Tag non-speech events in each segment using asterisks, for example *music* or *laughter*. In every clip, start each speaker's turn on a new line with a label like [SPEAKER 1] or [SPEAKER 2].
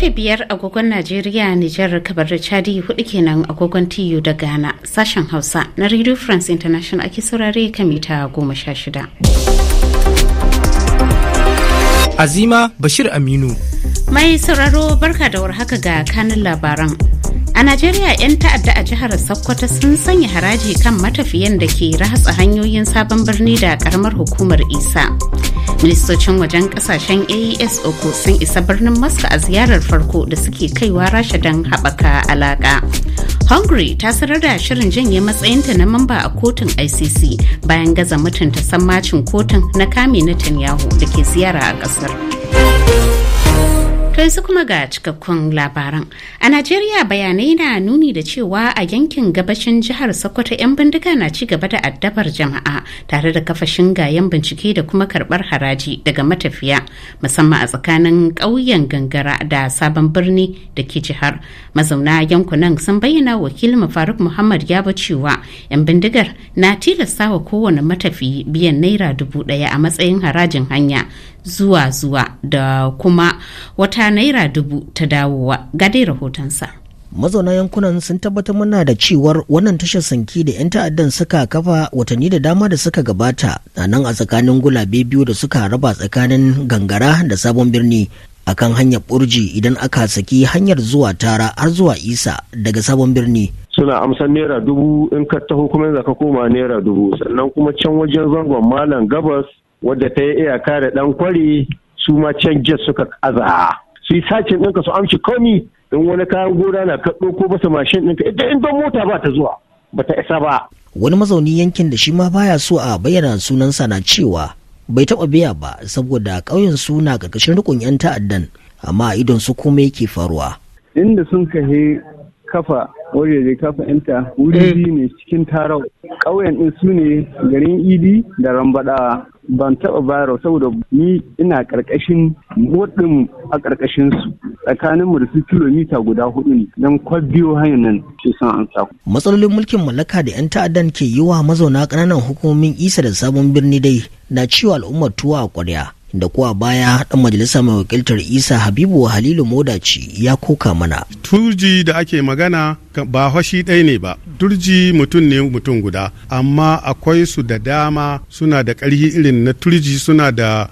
[SPEAKER 1] Karfe biyar agogon Najeriya, Nijar, kabar da Chadi hudu kenan agogon TU da Ghana, sashen Hausa na Radio France International ake saurare kan mita goma sha shida.
[SPEAKER 2] Azima Bashir Aminu.
[SPEAKER 1] Mai sauraro barka da warhaka ga kanin labaran. A Najeriya 'yan ta'adda a jihar Sokoto sun sanya haraji kan matafiyan da ke ratsa hanyoyin sabon birni da karamar hukumar Isa. Ministocin wajen kasashen AES Oko sun isa birnin Moscow a ziyarar farko da suke kaiwa Rasha don haɓaka alaƙa. Hungary ta sanar da shirin janye matsayinta na mamba a kotun ICC bayan gaza mutunta sammacin kotun na kame tanyahu da ke ziyara a ƙasar. To su kuma ga cikakkun labaran. A Najeriya bayanai na nuni da cewa a yankin gabashin jihar Sokoto 'yan bindiga na ci gaba da addabar jama'a tare da kafa shingayen bincike da kuma karbar haraji daga matafiya musamman a tsakanin ƙauyen gangara da sabon birni da ke jihar. Mazauna yankunan sun bayyana wakil Faruk Muhammad ba cewa 'yan bindigar na tilasta wa kowane matafi biyan naira dubu ɗaya a matsayin harajin hanya zuwa zuwa da kuma wata naira dubu ta dawowa ga dai rahotonsa.
[SPEAKER 3] mazauna yankunan sun tabbatar mana da cewar wannan tashar sanki da 'yan ta'addan suka kafa watanni da dama da suka gabata a nan a tsakanin gulabe biyu da suka raba tsakanin gangara da sabon birni akan hanyar burji idan aka saki hanyar zuwa tara har zuwa isa daga sabon birni
[SPEAKER 4] suna amsan naira dubu in ka taho kuma yanzu ka koma naira dubu sannan kuma can wajen zangon malam gabas wadda ta yi iyaka da ɗan kwari su ma can jet suka aza su yi sacin ɗinka su amshi komi in wani kayan gona na kaɗo ko basa mashin ɗinka ita in don mota ba ta zuwa ba ta isa
[SPEAKER 3] ba. wani mazauni yankin da shi ma baya so a bayyana sunansa na cewa bai taɓa biya ba saboda ƙauyen su na ƙarƙashin riƙon 'yan ta'addan amma a idon su kuma yake faruwa.
[SPEAKER 4] inda sun kahe kafa wajeje kafa yanta
[SPEAKER 3] wuri eh. ne cikin
[SPEAKER 5] tarau ƙauyen ɗin su ne garin idi da rambaɗawa ban taɓa bayarwa saboda ni ina ƙarƙashin motsin a ƙarƙashin su tsakanin mu da su
[SPEAKER 4] kilomita guda hudu ne don kwabiyo hanyar nan
[SPEAKER 6] ke son an sako.
[SPEAKER 3] Matsalolin mulkin mallaka da 'yan ta'addan ke yi wa mazauna ƙananan hukumomin isa da sabon birni dai na cewa al'ummar tuwa a ƙwarya. da kuwa baya dan majalisa mai wakiltar isa habibu halilu modaci ya koka mana
[SPEAKER 4] turji da ake magana ba hoshi ɗaya ne ba turji mutum ne mutum guda amma akwai su da dama suna da ƙarfi irin na turji suna da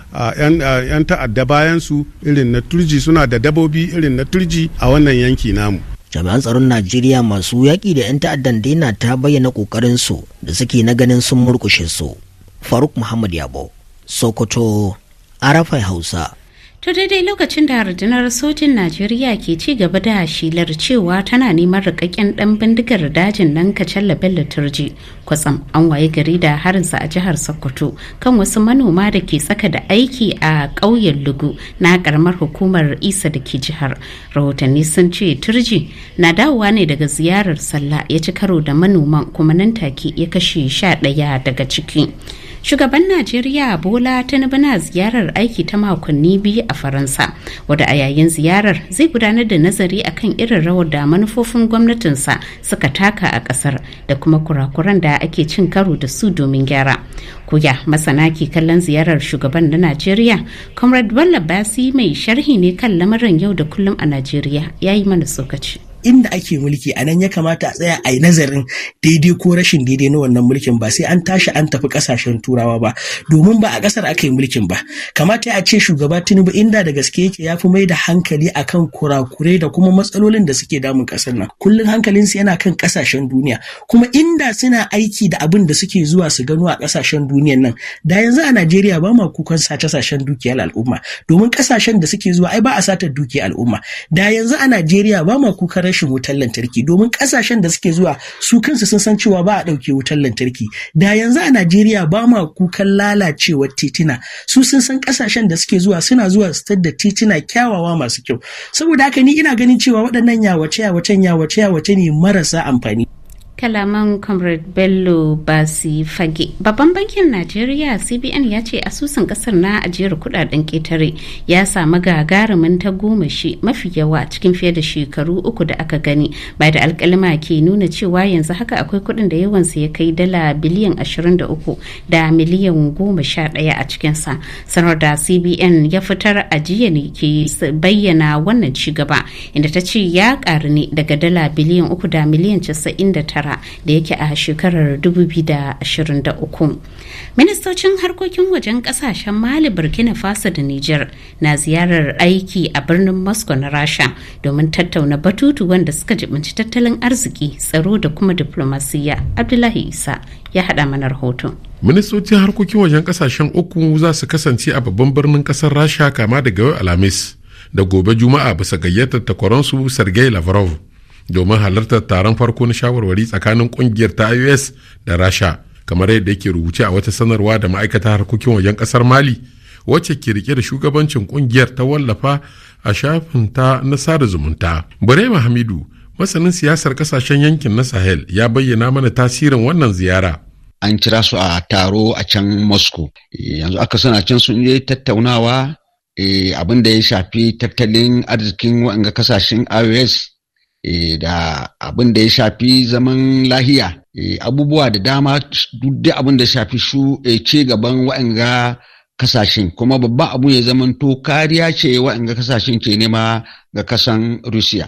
[SPEAKER 3] yan ta'adda bayansu su irin na turji suna da dabobi irin na turji a wannan yanki namu jami'an tsaron najeriya masu yaƙi da 'yan ta'addan da yana ta bayyana su da suke na ganin sun murƙushe su faruk muhammad yabo sokoto rafai hausa
[SPEAKER 1] ta daidai lokacin da rundunar sojin najeriya ke ci gaba da shilar cewa tana neman rikakken dan bindigar dajin nan kacalla bello turji kwatsam an waye gari da harinsa a jihar sokoto kan wasu manoma da ke tsaka da aiki a ƙauyen lugu na karamar hukumar isa da ke jihar rahotanni sun ce turji na dawowa ne daga ziyarar sallah ya ci karo da manoman kuma nan take ya kashe sha ɗaya daga ciki shugaban najeriya bola tinubu na ziyarar aiki ta makonni biyu a faransa wadda a yayin ziyarar zai gudanar da nazari akan irin rawar da manufofin gwamnatinsa suka taka a kasar da kuma kurakuran da ake cin karo da su domin gyara kuya masana ke kallon ziyarar shugaban na najeriya comrade Basi mai sharhi ne kan lamarin yau da kullum a najeriya
[SPEAKER 3] ya yi mana tsokaci inda ake mulki a nan ya kamata a tsaya a yi nazarin daidai ko rashin daidai na wannan mulkin ba sai an tashi an tafi kasashen turawa ba domin ba a kasar aka yi mulkin ba kamata a ce shugaba tinubu inda da gaske yake ya fi mai da hankali akan kurakurai da kuma matsalolin da suke damun kasar nan kullum hankalin su yana kan kasashen duniya kuma inda suna aiki da abin da suke zuwa su gano a kasashen duniyan nan da yanzu a najeriya ba ma kukan sace sashen dukiyar al'umma domin kasashen da suke zuwa ai ba a satar dukiyar al'umma da yanzu a najeriya ba ma kukan rashin wutar lantarki domin kasashen da suke zuwa su kansu sun san cewa ba a ɗauke wutar lantarki da yanzu a najeriya ba ma kukan lalacewar titina su sun san kasashen da suke zuwa suna zuwa su da titina kyawawa masu kyau saboda haka ni ina ganin cewa waɗannan yawace yawacen yawace yawace ne marasa amfani
[SPEAKER 1] kalaman comrade bello basi fage babban bankin najeriya cbn ya ce asusun kasar na ajiyar kudaden ketare ya samu gagarumin ta goma shi mafi yawa cikin fiye da shekaru uku da aka gani bai da alkalima ke nuna cewa yanzu haka akwai kudin da yawansa ya kai dala biliyan 23 da miliyan 11 a cikinsa sanar da cbn ya fitar ajiya ne ke bayyana wannan ci gaba inda ta ce ya ƙaru ne daga dala biliyan 3 da miliyan 99 shekara da yake a shekarar 2023 ministocin harkokin wajen kasashen mali burkina faso da niger na ziyarar aiki a birnin moscow na rasha domin tattauna batutu wanda suka jibinci tattalin arziki tsaro da kuma diplomasiya abdullahi isa ya hada mana rahoton
[SPEAKER 4] ministocin harkokin wajen kasashen uku za su kasance a babban birnin kasar rasha kama daga yau alhamis da gobe juma'a bisa gayyatar takwaransu sergei lavrov domin halartar taron farko na shawarwari tsakanin kungiyar ta ios da rasha kamar yadda yake rubuce a wata sanarwa da ma'aikatar harkokin wajen kasar mali wacce ke rike da shugabancin kungiyar ta wallafa a shafin ta na sada zumunta burema hamidu masanin siyasar kasashen yankin na sahel ya bayyana mana tasirin wannan
[SPEAKER 6] ziyara an kira su a taro a can moscow yanzu aka suna can sun yi tattaunawa eh, abin da ya shafi tattalin arzikin waɗanda kasashen ios E da abin da ya shafi zaman lahiya e abubuwa da dama duk abin da shafi shu eh, ce gaban wa'anga kasashen kuma babban abu ya zamanto kariya ce wa'anga kasashen ke nema ga kasan Rusiya.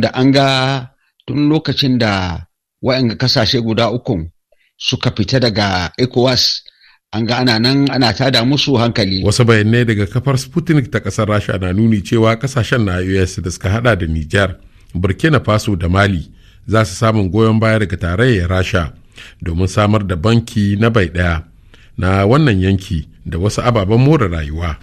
[SPEAKER 6] da an ga tun lokacin da wa'anga kasashe guda ukun suka fita daga ECOWAS an ga ana nan ana tada musu
[SPEAKER 4] hankali wasu bayanai daga kafar sputnik ta kasar rasha na nuni cewa kasashen na us da suka hada da nijar burkina faso da mali za su samun goyon baya daga tarayyar rasha domin samar da banki na bai daya na wannan yanki da wasu ababen more rayuwa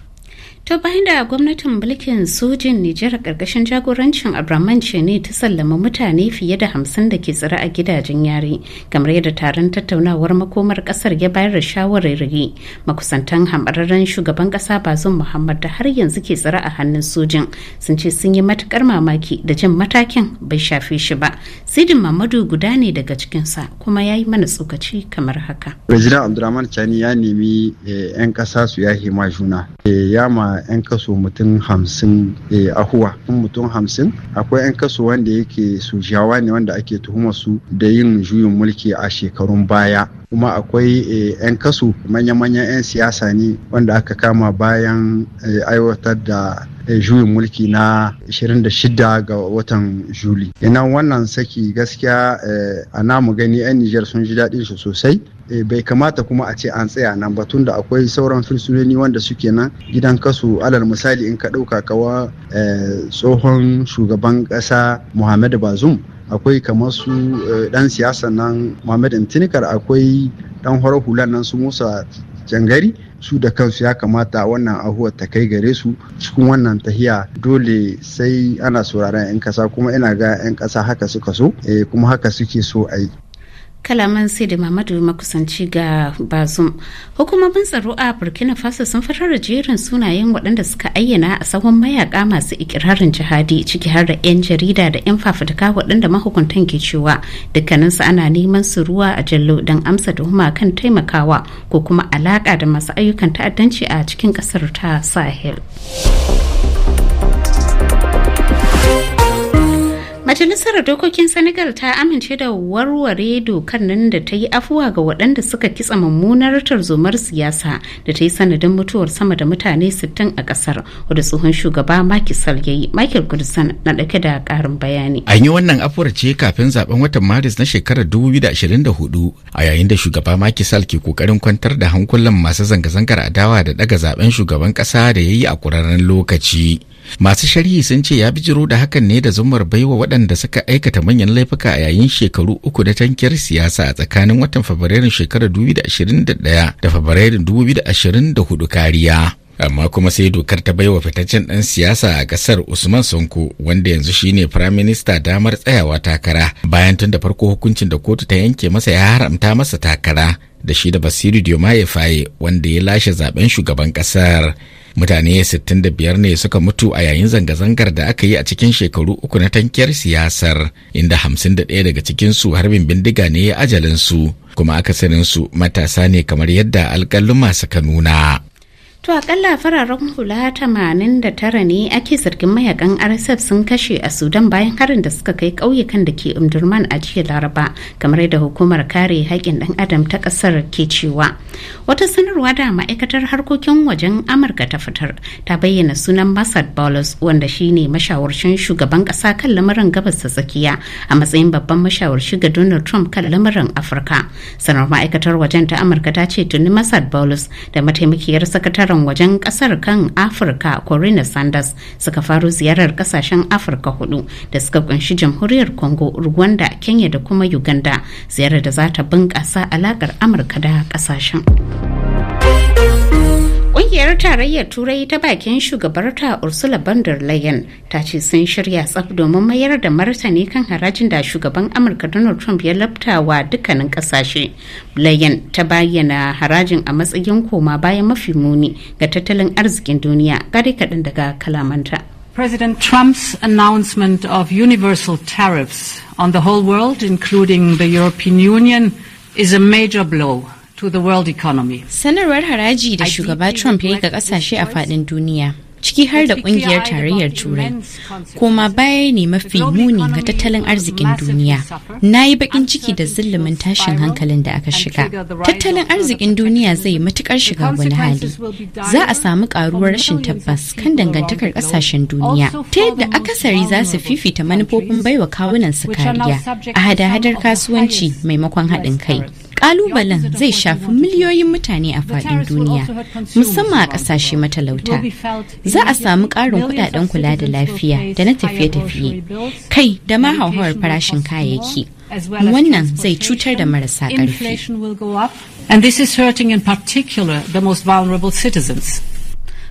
[SPEAKER 1] ta bayan da gwamnatin mulkin sojin nijar karkashin jagorancin abraman ne ta sallama mutane fiye da hamsin da ke tsira a gidajen yare kamar yadda taron tattaunawar makomar kasar ya bayar da rigi makusantan hamararren shugaban kasa bazum muhammad da har yanzu ke tsira a hannun sojin sun ce sun yi matukar mamaki da jin matakin bai shafe shi ba sidin mamadu guda ne daga cikinsa kuma ya yi mana tsokaci kamar haka.
[SPEAKER 6] President Abdulrahman Chani ya nemi eh, 'yan kasa su eh, ya ma juna. Ya ma 'yan kaso mutum hamsin eh, ahuwa mutum hamsin akwai 'yan kaso wanda yake sojawa ne wanda ake tuhuma su da yin juyin mulki a shekarun baya kuma akwai eh, 'yan kaso manya-manyan 'yan siyasa ne wanda aka kama bayan eh, aiwatar da juyin mulki na 26 ga watan juli ina wannan saki gaskiya a namu gani 'yan nijar sun ji daɗin shi sosai Eh, bai kamata kuma a ce an tsaya nan ba da akwai sauran fursunoni wanda suke nan gidan kasu alal misali in ka ɗauka kawa eh, tsohon shugaban ƙasa muhammadu bazum akwai kamar su eh, ɗan siyasa nan muhammad intinikar akwai ɗan horar hulan nan su musa jangari su da kansu ya kamata wannan ahuwa ta kai gare su cikin wannan tahiya dole sai ana sauraron 'yan kasa kuma ina ga 'yan kasa haka suka so kuma haka suke so a
[SPEAKER 1] kalaman sai da mamadu makusanci ga bazum hukumomin tsaro a burkina faso sun fitar da jerin sunayen waɗanda suka ayyana a tsawon mayaka masu ikirarin jihadi ciki har da 'yan jarida da 'yan fafutuka waɗanda mahukuntan ke cewa dukkaninsu ana neman su ruwa a jallo don amsa tuhuma kan taimakawa ko kuma alaka da masu ayyukan ta'addanci a cikin ƙasar ta sahel. Majalisar Dokokin Senegal ta amince da warware dokar nan da ta yi afuwa ga waɗanda suka kitsa mummunar tarzomar siyasa da ta yi sanadin mutuwar sama da mutane 60 a ƙasar wadda tsohon shugaba makisal ya yi. Michael Goodson na ɗauke da ƙarin bayani. An
[SPEAKER 7] yi wannan afuwar ce kafin zaben watan Maris na shekarar 2024 a yayin da shugaba makisal ke kokarin kwantar da hankulan masu zanga-zangar adawa da ɗaga zaben shugaban ƙasa da ya yi a kurarren lokaci. masu sharhi sun ce ya bijiro da hakan ne da zumar baiwa waɗanda suka aikata manyan laifuka a yayin shekaru uku da tankiyar siyasa a tsakanin watan fabrairun shekarar 2021 da fabrairun 2024 kariya amma kuma sai dokar ta baiwa fitaccen ɗan siyasa a ƙasar usman sonko wanda yanzu shine firaminista damar tsayawa takara bayan tun da farko hukuncin da kotu ta yanke masa ya haramta masa takara da shi da basiru diomaye faye wanda ya lashe zaben shugaban ƙasar mutane 65 ne suka mutu a yayin zanga-zangar da aka yi a cikin shekaru uku na tankiyar siyasar inda 51 daga cikinsu harbin bindiga ne ya ajalinsu kuma aka akasarinsu matasa ne kamar yadda alkaluma suka nuna
[SPEAKER 1] To akalla fararen hula 89 ne ake zargin mayakan RSF sun kashe a Sudan bayan harin da suka kai ƙauyukan da ke Umdurman a jiya Laraba, kamar da hukumar kare haƙƙin ɗan adam ta ƙasar ke cewa. Wata sanarwa da ma'aikatar harkokin wajen Amurka ta fitar ta bayyana sunan Masad Bolus wanda shine mashawarcin shugaban ƙasa kan lamarin gabas ta tsakiya a matsayin babban mashawarci ga Donald Trump kan lamarin Afirka. Sanar ma'aikatar wajen ta Amurka ta ce tuni Masad Bolus da mataimakiyar sakataren ɓangaren wajen ƙasar kan afirka corina sanders suka faro ziyarar ƙasashen afirka hudu da suka kunshi jamhuriyar congo rwanda kenya da kuma uganda ziyarar da za ta bunƙasa alakar amurka da ƙasashen kungiyar Tarayyar Turai ta bakin shugabarta Ursula von der Leyen ta ce sun shirya tsaf domin mayar da martani kan harajin da shugaban Amurka Donald Trump ya wa dukkanin kasashe Leyen ta bayyana harajin a matsayin koma bayan mafi muni ga tattalin arzikin duniya gare kaɗan daga kalamanta.
[SPEAKER 8] President Trump's announcement of universal tariffs on the whole world, including the European Union,
[SPEAKER 1] is a major blow to the world economy. Sanarwar haraji da shugaba Trump ya yi ga kasashe a faɗin duniya. ciki har da kungiyar tarayyar turai koma baya ne mafi muni ga tattalin arzikin duniya na yi bakin ciki da zillumin tashin hankalin da aka shiga tattalin arzikin duniya zai matukar shiga wani hali za a samu karuwar rashin tabbas kan dangantakar kasashen duniya ta yadda akasari za su fifita manufofin baiwa kawunan su kariya a hada-hadar kasuwanci maimakon haɗin kai Kalubalen zai shafi miliyoyin mutane a fadin duniya, musamman a ƙasashe matalauta. Za a samu karin kudaden kula da lafiya da na tafiye-tafiye, kai da ma hauhawar farashin kayayyaki. Wannan zai cutar da marasa
[SPEAKER 6] ƙarfi.
[SPEAKER 1] And this is in particular the most vulnerable citizens.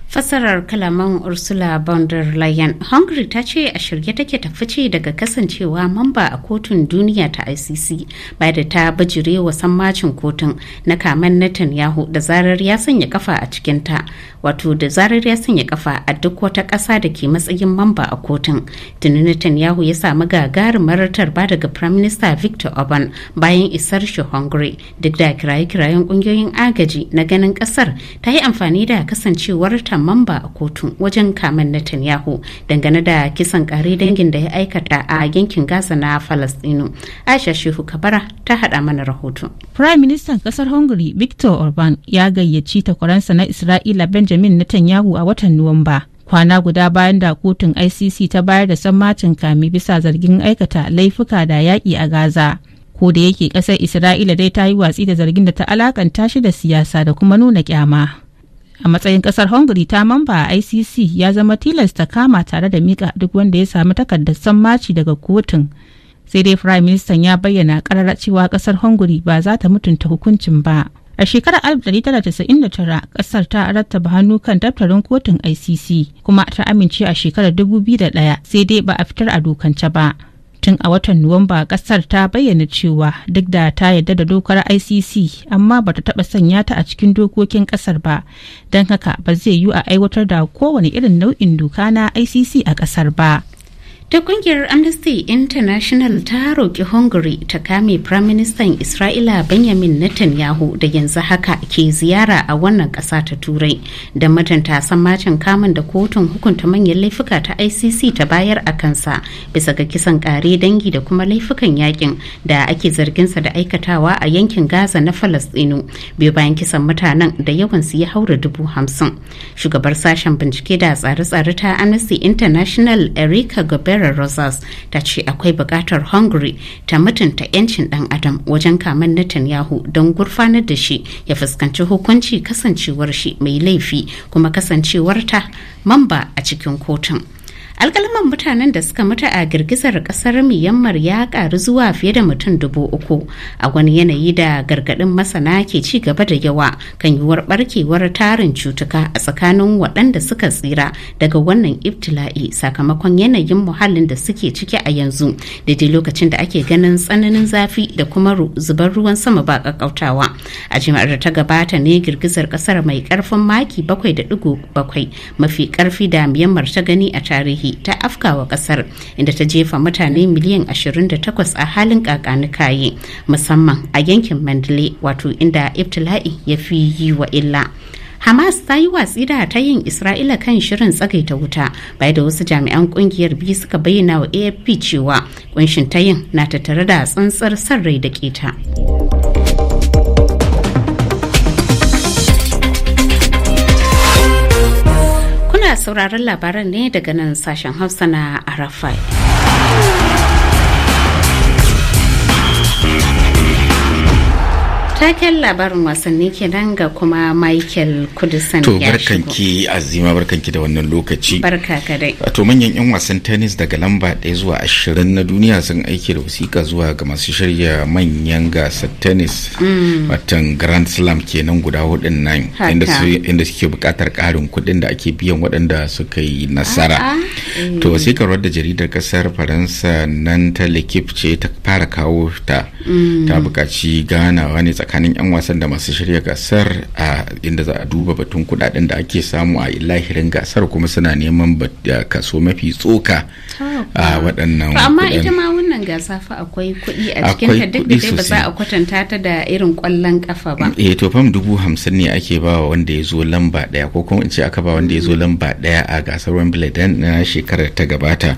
[SPEAKER 1] Fasarar kalaman Ursula von der Leyen, Hungary ta ce a shirye take ta fice daga kasancewa mamba a kotun duniya ta ICC bai da ta bajire wa sammacin kotun na kaman Netanyahu da zarar ya sanya kafa a cikinta, wato da zarar ya sanya kafa a duk wata ƙasa da ke matsayin mamba a kotun. Tuni Netanyahu ya samu gagarin maratar ba daga Prime Minister Victor Orban bayan isar shi Hungary duk da kiraye-kirayen ƙungiyoyin agaji na ganin ƙasar ta yi amfani da kasancewarta watan mamba a kotu wajen kamen netanyahu dangane da kisan kare dangin da ya aikata a yankin gaza na falastinu aisha shehu kabara ta hada mana rahoto
[SPEAKER 8] prime minister kasar hungary victor orban ya gayyaci takwaransa na isra'ila benjamin netanyahu a watan nuwamba kwana guda bayan da kotun icc ta bayar da sammacin kame bisa zargin aikata laifuka da yaƙi a gaza ko da yake ƙasar isra'ila dai ta yi watsi da zargin da ta alakanta shi da siyasa da kuma nuna kyama a matsayin kasar hungary ta mamba a icc ya zama tilasta kama tare da mika duk wanda ya samu takardar sammaci daga kotun sai dai prime minister ya bayyana karara cewa kasar hungary ba za ta mutunta hukuncin ba a shekarar 1999 kasar ta rattaba hannu kan daftarin kotun icc kuma ta amince a shekarar 2001 sai dai ba a fitar a dokance ba tun a watan nuwamba kasar ta bayyana cewa duk da ta yarda da dokar icc amma bata taba sanya ta a cikin dokokin kasar ba don haka ba zai yiwu a aiwatar da kowane irin nau'in doka na icc a kasar ba
[SPEAKER 1] ta kungiyar amnesty international ta roƙi hungary ta kame minister isra'ila benjamin netanyahu da yanzu haka ke ziyara a wannan ƙasa ta turai da matanta matan kamun da kotun hukunta manyan laifuka ta icc ta bayar a kansa bisa ga kisan ƙare dangi da kuma laifukan yakin da ake zarginsa da aikatawa a yankin gaza na falastinu biyu bayan kisan mutanen da yawan su ya haura dubu hamsin shugabar sashen bincike da tsare-tsare ta amnesty international erika gobert. Vera Rosas ta ce akwai buƙatar Hungary ta mutunta 'yancin ɗan adam wajen kamen Netanyahu don gurfanar da shi ya fuskanci hukunci kasancewar shi mai laifi kuma kasancewarta mamba a cikin kotun. alkalman mutanen da suka mutu a girgizar kasar myanmar ya karu zuwa fiye da mutum dubu uku a wani yanayi da gargaɗin masana ke ci gaba da yawa kan yiwuwar barkewar tarin cutuka a tsakanin waɗanda suka tsira daga wannan ibtila'i sakamakon yanayin muhallin da suke ciki a yanzu daidai lokacin da ake ganin tsananin zafi da kuma zubar ruwan sama ba kakkautawa a jima'ar da ta gabata ne girgizar kasar mai karfin maki bakwai da bakwai mafi karfi da myanmar ta gani a tarihi iraki ta afkawa kasar inda ta jefa mutane miliyan 28 a halin kakanikaye musamman a yankin mandalay wato inda iftila'i ya fi yi wa illa Hamas ta yi watsi da ta yin Isra'ila kan shirin tsagaita wuta bai da wasu jami'an kungiyar biyu suka bayyana wa AFP cewa kunshin ta yin na tattare da tsantsar san rai da keta. Kuna sauraron labaran ne daga nan sashen Hausa na Arafai. taken labarin wasanni nan ga kuma michael kudusan to barkanki
[SPEAKER 7] azima barkanki da wannan lokaci
[SPEAKER 1] barka ka dai
[SPEAKER 7] to manyan yan wasan tennis daga lamba ɗaya zuwa ashirin na duniya sun aiki da wasiƙa zuwa ga masu shirya manyan gasar tennis mm. watan grand slam kenan guda hudun nan inda suke buƙatar ƙarin kuɗin da ake biyan waɗanda suka yi nasara to eh. wasiƙar wadda jaridar ƙasar faransa nan ta ce ta fara kawo ta mm. ta buƙaci ganawa ne tsakanin 'yan wasan da masu shirya gasar a inda za a duba batun kudaden da ake samu a lahirin gasar kuma suna neman kaso mafi tsoka oh, a waɗannan
[SPEAKER 1] gasa fa akwai kuɗi a cikin ta duk da ba za a kwatanta ta da irin kwallon kafa ba
[SPEAKER 7] eh to fam dubu hamsin ne ake ba wa wanda ya zo lamba daya ko kuma in ce aka ba wanda ya zo mm. lamba daya a gasar Wembley dan na shekarar ta gabata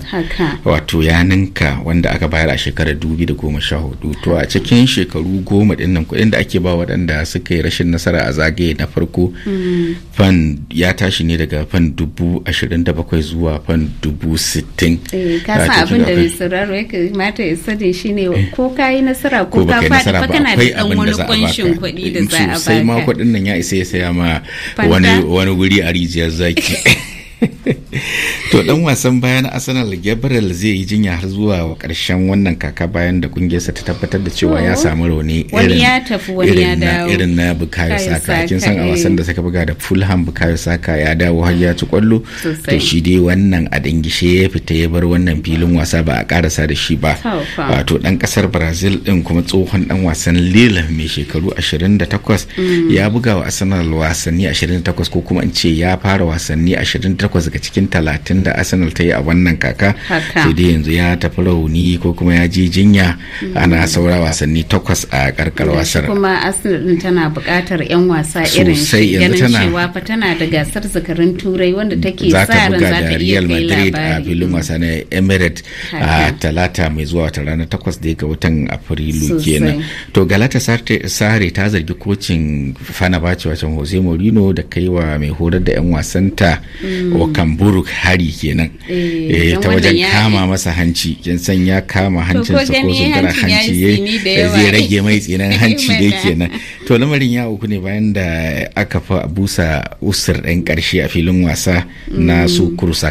[SPEAKER 7] wato ya ninka wanda aka bayar a shekarar dubi da goma sha hudu to a cikin shekaru goma din nan kuɗin da ake ba waɗanda suka yi rashin nasara a zagaye na farko mm. fan ya tashi ne daga fan dubu ashirin da bakwai zuwa fan dubu sittin.
[SPEAKER 1] Eh, ka san abin da bai sauraro ya kamata bukata ya sani shine eh. ko ka yi nasara ko ka faɗi fa kana da ɗan wani kuɗi da za a baka eh, sai ma
[SPEAKER 7] kuɗin nan ya isa ya saya ma wani wuri a rijiyar zaki *laughs* *laughs* to dan wasan baya arsenal gabriel zai yi jinya har zuwa wa karshen wannan kaka bayan da kungiyarsa ta tabbatar da cewa ya oh. samu rauni irin ya
[SPEAKER 1] tafi wani ya dawo irin
[SPEAKER 7] na bukayo saka kin san a wasan da suka buga da fulham bukayo saka ya dawo har ya ci kwallo to shi dai wannan a dingishe ya fita ya bar wannan filin wasa ba a karasa da shi ba wato dan kasar brazil din kuma tsohon dan wasan lila mai shekaru 28 mm. ya buga wa arsenal wasanni 28 ko kuma in ce ya fara wasanni 28 takwas daga cikin talatin da arsenal ta yi a wannan kaka sai dai yanzu ya tafi rauni ko kuma ya je jinya mm-hmm. ana saura wasanni takwas a karkar wasar kuma
[SPEAKER 1] arsenal din tana buƙatar 'yan wasa irin shi ganin cewa fa tana da gasar zakarin turai wanda take sa ran za ta iya kai madrid a filin wasa
[SPEAKER 7] na emirates a talata mai zuwa wata rana takwas da ga watan afrilu kenan to galata sare ta zargi kocin fana bace wacan jose mourinho da kaiwa mai horar da 'yan wasanta mm. wa buruk hari kenan eh, eh, ta wajen kama masa hanci kin san ya kama sa ko gara hanci eh, zai rage mai *laughs* tsinan hanci dai kenan to lamarin ya uku ne bayan da aka fa busa usur ɗan karshe a filin wasa na mm. su kursa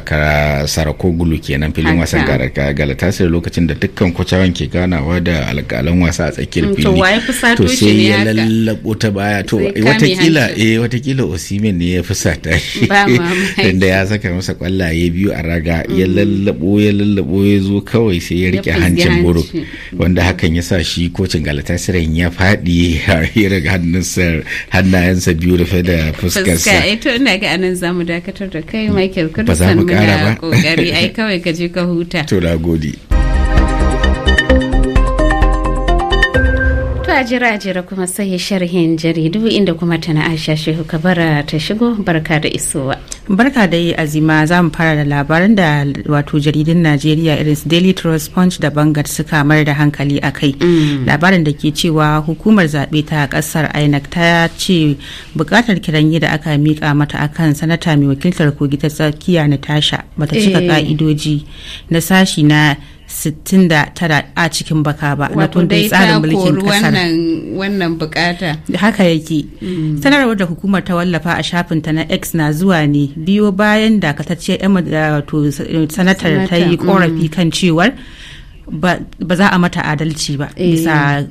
[SPEAKER 7] sarakogulu kenan filin wasan galatasar lokacin da dukkan kwacawan ke ganawa da alƙalan wasa a tsakiyar mm, fili to sai ya lallabo ta baya to watakila eh watakila osimen ne ya fusata shi *laughs* da ya saka masa kwallaye biyu a raga ya mm. lallabo ya lallabo ya zo kawai sai ya rike hancin buru wanda hakan ya sa shi kocin galatasaray ya faɗi *laughs* ya raga hannunsa hannayensa biyu rufe da fuskarsa fuska
[SPEAKER 1] ito eh, ina ga anan zamu dakatar da kai mm. michael kudusan
[SPEAKER 7] muna kokari ai
[SPEAKER 1] *laughs* kawai ka je ka huta to na gode jira jira kuma sai sharhin jaridu inda kuma tana Aisha Shehu Kabara ta shigo barka da isowa.
[SPEAKER 8] Barka da yi azima za mu fara da labaran da wato jaridun Najeriya irin su Daily Trust Punch da Bangar suka mayar da hankali a kai. Mm. Labarin da ke cewa hukumar zaɓe ta ƙasar INEC ta ce buƙatar kiran kiranye da aka miƙa mata akan sanata mai wakiltar kogi ta tsakiya tasha bata cika eh. ƙa'idoji na sashi na 69 a cikin baka ba na kundin tsarin mulkin kasar
[SPEAKER 1] wannan bukata
[SPEAKER 8] haka yake mm. sanarwar da hukumar ta wallafa a shafin ta na x na zuwa ne biyo bayan dakatacciyar yan wato sanatar ta yi korafi mm. kan cewar ba za a mata adalci ba eh. bisa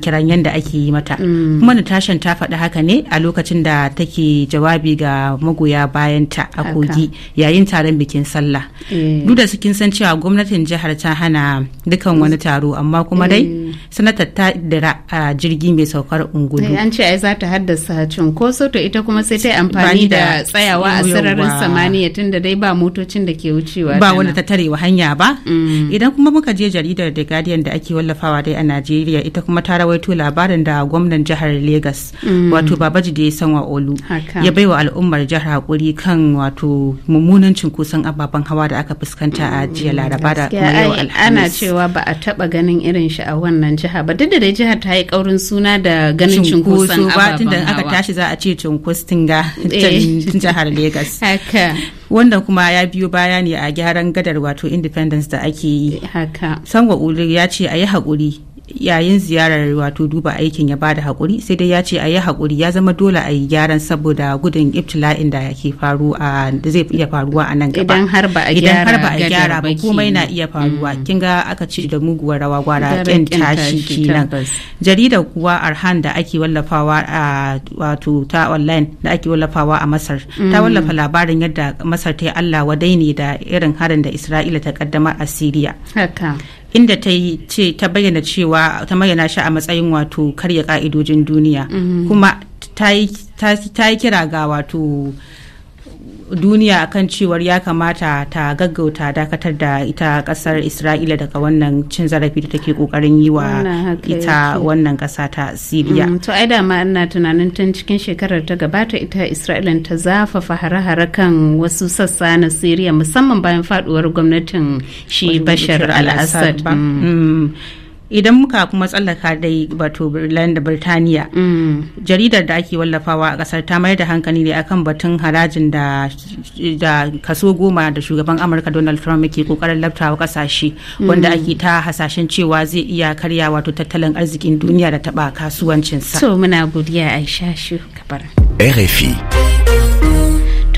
[SPEAKER 8] kiran yadda ake yi mata mm. kuma natashan ta faɗi haka ne a lokacin da take jawabi ga magoya bayanta a kogi yayin taron bikin sallah eh. duk da su kin san cewa gwamnatin jihar ta hana dukan wani taro amma kuma dai eh. sanata ta dira a jirgi mai saukar ungudu. an
[SPEAKER 1] ce ai za ta haddasa cunkoso to ita kuma sai ta amfani da tsayawa a sararin samaniya
[SPEAKER 8] tunda dai ba motocin da ke wucewa ba wanda ta tarewa hanya ba mm. idan kuma muka je jaridar The Guardian da ake wallafawa dai a Najeriya ita kuma ta rawaito labarin da gwamnan jihar Lagos mm. wato ya Sanwa Olu ya baiwa al'ummar jihar hakuri kan wato mummunan cunkoson ababen hawa da aka fuskanta a jiya Laraba da kuma yau Alhamis. Ana
[SPEAKER 1] cewa ba a taba ganin irin shi a wannan jiha ba duk da dai jihar ta yi kaurin suna
[SPEAKER 8] da ganin cunkoson ababen hawa. tun da aka tashi za a ce cunkostin ga eh. *laughs* jihar Lagos. wanda kuma ya biyo baya ne a gyaran gadar wato independence da ake yi haka sanwa ya ce a yi haƙuri yayin ziyarar wato duba aikin ya bada hakuri sai dai ya ce a yi hakuri ya zama dole a yi gyaran saboda gudun ibtila'in da ke faru a da zai iya faruwa a nan gaba idan har ba a gyara ba komai na iya faruwa mm. kin ga aka ce da muguwar rawa gwara kin tashi kenan jaridar kuwa arhan da ake wallafawa a wato ta online da ake wallafawa a masar ta mm. wallafa labarin yadda masar ta yi allah wadai ne da irin harin da isra'ila ta kaddamar a siriya inda ta yi ce ta bayyana cewa ta bayyana shi a matsayin wato karya ka'idojin duniya mm-hmm. kuma ta yi kira ga wato duniya akan cewar ya kamata ta gaggauta dakatar da ita kasar isra'ila daga wannan cin zarafi da take kokarin yi wa ita wannan kasa ta siriya mm,
[SPEAKER 1] to ai da ma tunanin tun cikin shekarar ta gabata ita isra'ila ta zafafa hare-hare kan wasu sassa na siriya musamman bayan faduwar gwamnatin shi bashar al-assad mm. Mm.
[SPEAKER 8] idan muka kuma tsallaka dai wato Birlan da Birtaniya mm. jaridar da ake wallafawa a kasar ta mayar da hankali ne akan batun harajin da kaso goma da shugaban Amurka Donald Trump ke kokarin laftawa kasashe wanda mm. ake ta hasashen cewa zai iya karya wato tattalin arzikin duniya da taba kasuwancinsa. So muna godiya Aisha Shu kabar.
[SPEAKER 7] RFI.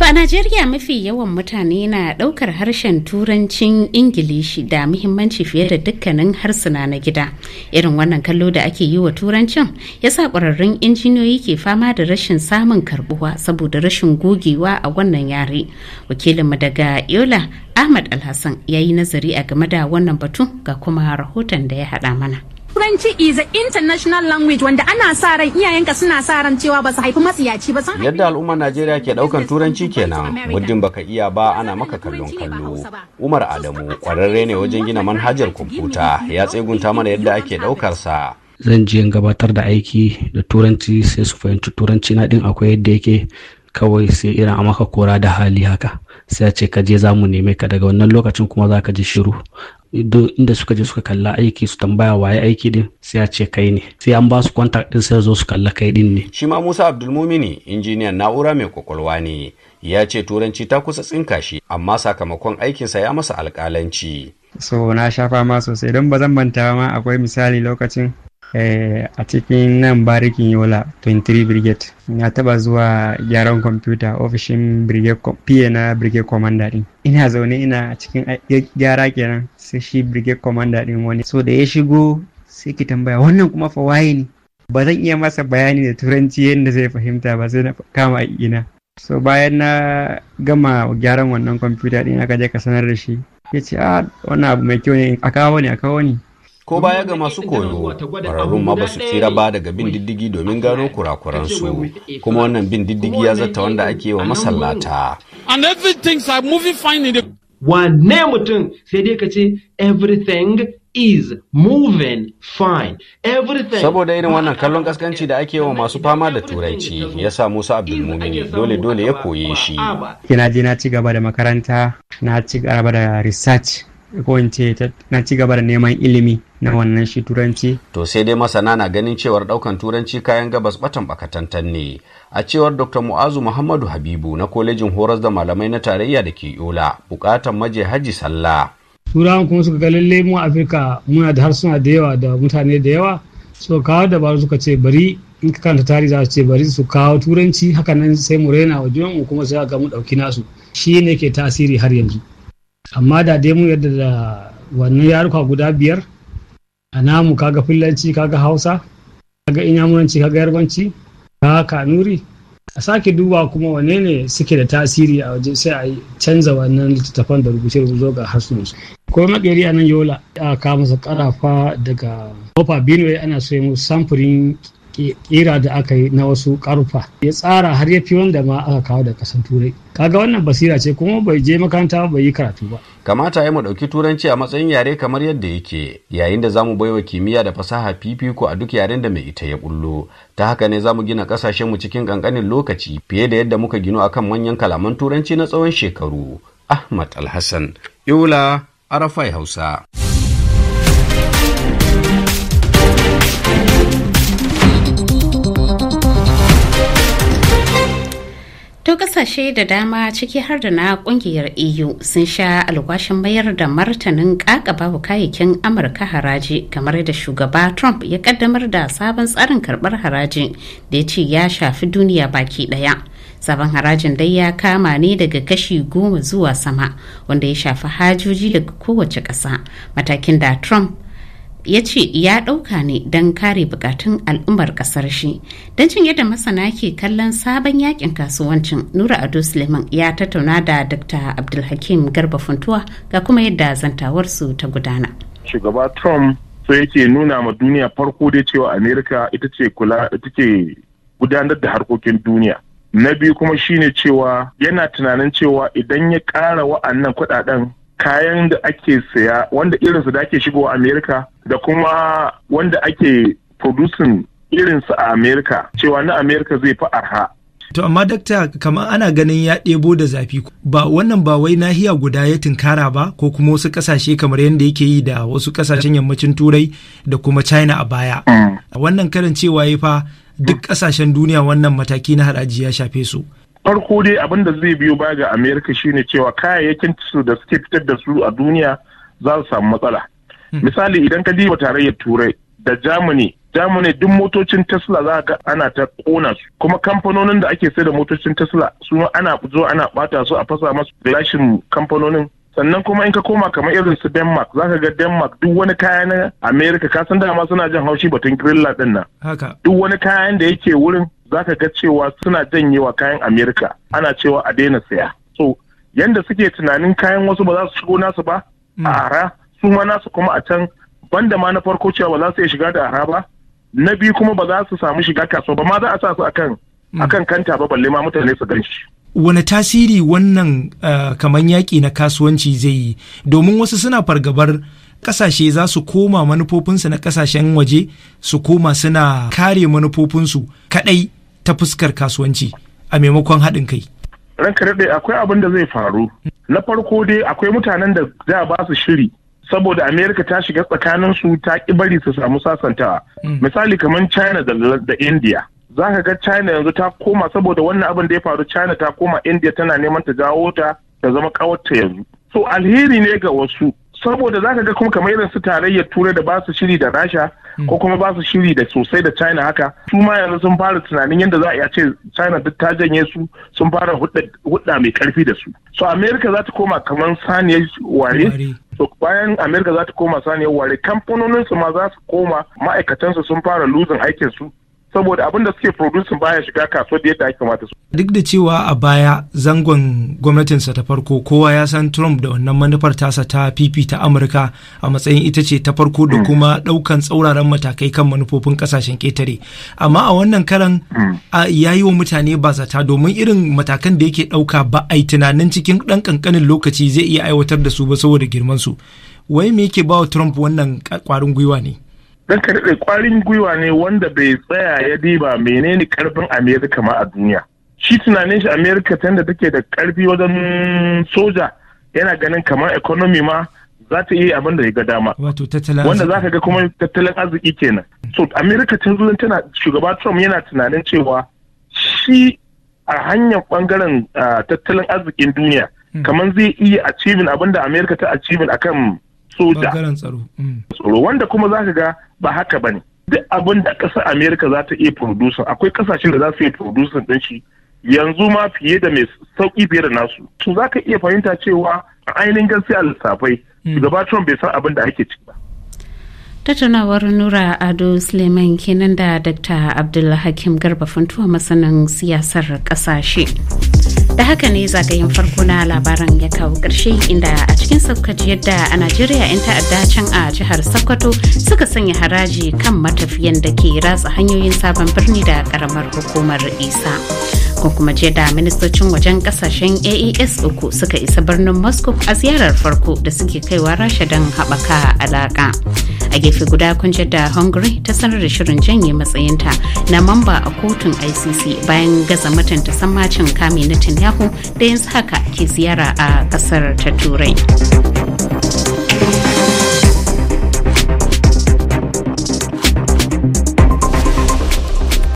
[SPEAKER 1] a Najeriya mafi yawan mutane na daukar harshen turancin Ingilishi da muhimmanci fiye da dukkanin harsuna na gida. Irin wannan kallo da ake yi wa turancin ya sa ƙwararrun injiniyoyi ke fama da rashin samun karbuwa saboda rashin gogewa a wannan yare. Wakilinmu daga Yola Ahmad Alhassan ya yi nazari a game da wannan batu ga kuma rahoton da ya haɗa mana.
[SPEAKER 8] Turanci is an international language wanda ana sa ran iyayenka suna sa ran cewa ba su haifi matsiyaci ba.
[SPEAKER 1] Yadda al'ummar Najeriya ke daukan turanci
[SPEAKER 5] kenan, muddin baka iya ba ana maka kallon kallo. Umar Adamu kwararre ne wajen gina manhajar kwamfuta ya tsegunta mana yadda ake daukar sa.
[SPEAKER 3] Zan je gabatar da aiki
[SPEAKER 5] da turanci sai su fahimci turanci na din akwai yadda yake kawai sai irin a maka kora da hali haka sai a ce ka je za mu neme ka daga wannan lokacin kuma za ka ji shiru inda suka je suka kalla aiki su tambaya waye aiki din sai a ce kai ne sai an ba su kwantar din sai zo su kalla kai din ne shi ma Musa Abdulmumini injiniyan na'ura mai kwakwalwa ne ya ce turanci ta kusa tsinka shi amma sakamakon aikinsa ya masa alƙalanci
[SPEAKER 6] so na sha fama sosai don ba zan manta ma akwai misali lokacin Eh, a cikin nan barikin yola 23 brigade ya taba zuwa gyaran kwamfuta ofishin pa na brigade commander din ina zaune ina a cikin gyara kenan sai shi brigade commander din wani so da ya shigo sai ki tambaya wannan kuma fa waye ne ba zan iya masa bayani da turanci yadda zai fahimta ba sai na kama ina so bayan na gama gyaran wannan kwamfuta din aka je ka sanar da shi ya ce a ah, wannan abu mai kyau ne a kawo ne a kawo ne
[SPEAKER 5] ko baya ga masu koyo ƙwararrun ma ba su tsira ba daga bin diddigi domin gano kurakuransu kuma wannan bin diddigi ya zata wanda ake wa masallata wane mutum sai dai ka ce everything is moving fine saboda irin wannan kallon kaskanci da ake wa masu fama da turanci ya sa Musa Abdulmumini dole dole ya koye shi
[SPEAKER 6] kina je na ci gaba da makaranta na ci gaba da research ko in ce na ci gaba da neman ilimi na wannan shi turanci.
[SPEAKER 5] To sai dai masana na ganin cewar daukan turanci kayan gabas batan bakatantan ne. A cewar Dr. Mu'azu Muhammadu Habibu na kolejin horas da malamai na tarayya da ke Yola bukatan maje haji sallah.
[SPEAKER 3] Turawan kuma suka ga lalle mu Afirka muna da harsuna da yawa da mutane da yawa so kawo dabaru suka ce bari in ka kanta tarihi za su ce bari su kawo turanci hakanan sai mu raina wa mu kuma sai ga mu dauki nasu shi ne ke tasiri har yanzu. amma da dai mu yadda da wannan yaruka guda biyar a namu kaga fillanci kaga hausa kaga inyamuranci kaga yarbanci kaga kanuri a sake duba kuma wane ne suke da tasiri a waje sai a canza wannan littattafan da rubuce rubuce ga harsunansu ko makeri a nan yola a kawo masa karafa daga kofa benue ana so yi samfurin kira da aka yi na wasu ƙarfa ya tsara har ya fi wanda ma aka kawo da kasan turai kaga wannan basira ce kuma bai je makaranta bai yi karatu ba
[SPEAKER 5] kamata ya mu ɗauki turanci a matsayin yare kamar yadda yake yayin da zamu baiwa kimiyya da fasaha fifiko a duk yaren da mai ita ya bullo ta haka ne zamu gina mu cikin kankanin lokaci fiye da yadda muka gino akan manyan kalaman turanci na tsawon shekaru ahmad alhassan iula arafai hausa
[SPEAKER 1] To kasashe da dama ciki har da na kungiyar EU sun sha alwashin mayar da martanin babu kayayyakin Amurka haraji kamar da shugaba Trump ya kaddamar da sabon tsarin karbar haraji da ya ce ya shafi duniya baki daya. Sabon harajin dai ya kama ne daga kashi goma zuwa sama wanda ya shafi hajoji daga kowace ƙasa matakin da Trump ya ce ya ɗauka ne don kare bukatun al'ummar ƙasar shi don cin yadda masana ke kallon sabon yakin kasuwancin nura ado suleiman ya tattauna da dr abdulhakim garba funtuwa ga kuma yadda zantawarsu ta gudana
[SPEAKER 4] shugaba trump sai yake nuna ma duniya farko dai cewa amerika ita ce kula ita ce gudanar da harkokin duniya na biyu kuma shine cewa yana tunanin cewa idan ya ƙara wa'annan kuɗaɗen kayan da ake saya wanda irinsu da ake a amerika da kuma wanda ake producing irinsu a amerika cewa na amerika zai fi arha
[SPEAKER 2] To amma dakta kamar ana ganin ya ɗebo da zafi ba wannan ba wai nahiya guda ya tunkara ba ko kuma wasu ƙasashe kamar yadda yake yi da wasu kasashen yammacin turai da kuma china a baya. Mm. Wannan karin cewa ya fa duk ƙasashen duniya wannan mataki na haraji ya shafe su.
[SPEAKER 4] farko dai abin da zai biyo baya ga amerika shine cewa kayayyakin su da suke fitar da su a duniya za su samu matsala hmm. misali idan ka diba tarayyar turai da germany germany duk motocin tesla za ga ana ta kona su kuma kamfanonin da ake sai da motocin tesla su ana zo ana bata su a fasa masu gilashin kamfanonin sannan kuma in ka koma kamar irin su denmark zaka ga denmark duk wani kaya na america kasan dama suna jin haushi batun greenland din nan duk wani kayan da yake wurin za ka ga cewa suna janyewa kayan amerika ana cewa a daina saya so yanda suke tunanin kayan wasu ba za su shigo nasu ba mm. a ara su ma nasu kuma a can banda ma na farko cewa ba za su iya shiga da ara ba na biyu kuma ba za su samu shiga kasuwa ba ma za a sa su akan akan mm. kanta ba balle ma mutane su gan shi
[SPEAKER 2] wani tasiri wannan eh, kamar yaki na kasuwanci zai yi domin wasu suna fargabar kasashe za su koma manufofinsu na kasashen waje su koma suna kare manufofinsu kadai ta fuskar kasuwanci a maimakon haɗin kai
[SPEAKER 4] ranka daɗe akwai abin da zai faru na farko dai akwai mutanen da za a ba su shiri saboda amerika ta shiga tsakanin su ta ƙi bari su samu sasantawa hmm. misali kamar china da india za ka ga china yanzu ta koma saboda wannan abin da ya faru china ta koma india tana neman ta jawo ta ta zama kawarta yanzu so alheri ne ga wasu saboda zaka ga kuma kamar irin su tarayyar turai da ba su shiri da rasha ko kuma ba su shiri da sosai da china haka su ma yanzu sun fara tunanin yadda za a ce china duk ta janye su sun fara hudda mai karfi da su so america za ta koma kamar saniyar ware so bayan america za ta koma saniyar ware kamfanonin su ma za su koma ma'aikatan su sun fara luzin aikin su saboda abin da suke producing baya shiga kasuwar da yadda ake kamata su.
[SPEAKER 2] Duk da cewa a baya zangon gwamnatinsa ta farko kowa ya san Trump da wannan manufar tasa ta ta Amurka a matsayin ita ce ta farko da mm. kuma ɗaukan tsauraran matakai kan manufofin kasashen ketare Amma a wannan karan mm. ya yi wa mutane ba zata domin irin matakan da yake ɗauka ba a yi tunanin cikin ɗan ƙanƙanin lokaci zai iya aiwatar da su ba saboda girman su. Wai me yake ba wa Trump wannan kwarin gwiwa ne?
[SPEAKER 4] dan ka daɗe kwarin gwiwa ne wanda bai tsaya ya diba menene karfin amerika ma a duniya shi tunanin shi amerika tanda take da karfi wajen soja yana ganin kamar economy ma za ta iya abin da ya ga dama wanda za ka ga kuma tattalin arziki kenan so amerika tun tana shugaba trump yana tunanin cewa shi a hanyar bangaren ah, tattalin arzikin duniya hmm. kamar zai iya achieving abin da amerika ta achieving akan soja mm. tsaro wanda kuma za ka ga ba haka ba ne duk abin da ƙasar amerika za ta iya producing akwai ƙasashen da za su iya producing ɗin shi yanzu ma fiye da mai sauƙi fiye da nasu to za ka iya fahimta cewa a ainihin gaskiya lissafai mm. shugaba trump bai san abin da ake ciki ba
[SPEAKER 1] tattaunawar nura ado suleiman kenan da dr abdulhakim garba funtuwa masanin siyasar ƙasashe. da haka ne zagayen farko na labaran ya kawo ƙarshe inda a cikin saukaci yadda a najeriya 'yan ta'adda can a jihar sokoto suka sanya haraji kan matafiyan da ke ratsa hanyoyin sabon birni da ƙaramar hukumar isa ko kuma jiya da ministocin wajen kasashen aes uku suka isa birnin moscow a ziyarar farko da suke kaiwa rasha don haɓaka alaƙa a gefe guda kun da hungary ta sanar da shirin janye matsayinta na mamba a kotun icc bayan gaza mutunta sammacin kame na tanyahu da yanzu haka ke ziyara a ƙasar ta turai